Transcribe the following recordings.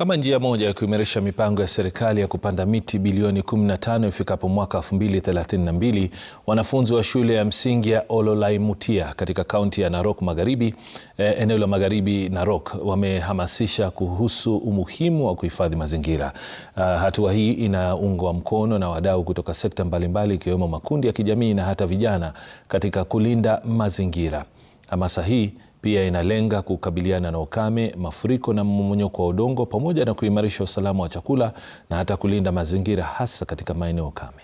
kama njia moja ya kuimarisha mipango ya serikali ya kupanda miti bilioni 15 ifikapo mwaka 2032, wanafunzi wa shule ya msingi ya Ololaimutia katika kaunti ya Narok Magharibi, eh, eneo la Magharibi Narok wamehamasisha kuhusu umuhimu wa kuhifadhi mazingira. Uh, hatua hii inaungwa mkono na wadau kutoka sekta mbalimbali ikiwemo makundi ya kijamii na hata vijana katika kulinda mazingira. Hamasa hii pia inalenga kukabiliana na ukame, mafuriko na mmomonyoko wa udongo pamoja na kuimarisha usalama wa chakula na hata kulinda mazingira hasa katika maeneo kame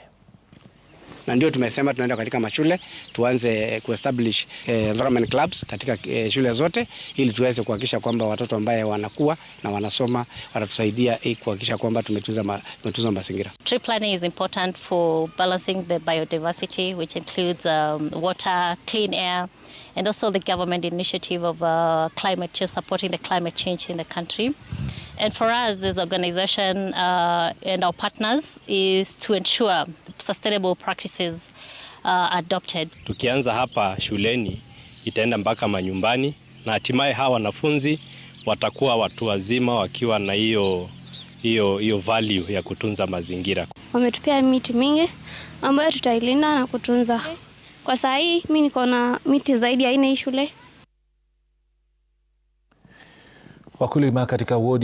na ndio tumesema tunaenda katika mashule tuanze kuestablish eh, environment clubs katika eh, shule zote ili tuweze kuhakikisha kwamba watoto ambaye wanakuwa na wanasoma watatusaidia eh, kuhakikisha kwamba tumetunza ma, tumetunza mazingira. Tree planting is important for balancing the biodiversity which includes um, water, clean air and also the government initiative of uh, climate change supporting the climate change in the country. And for us as organization uh, and our partners is to ensure sustainable practices uh, adopted. Tukianza hapa shuleni itaenda mpaka manyumbani na hatimaye hawa wanafunzi watakuwa watu wazima wakiwa na hiyo hiyo hiyo value ya kutunza mazingira. Wametupia miti mingi ambayo tutailinda na kutunza. Kwa saa hii mimi niko na miti zaidi ya ine hii shule. Wakulima katika wodi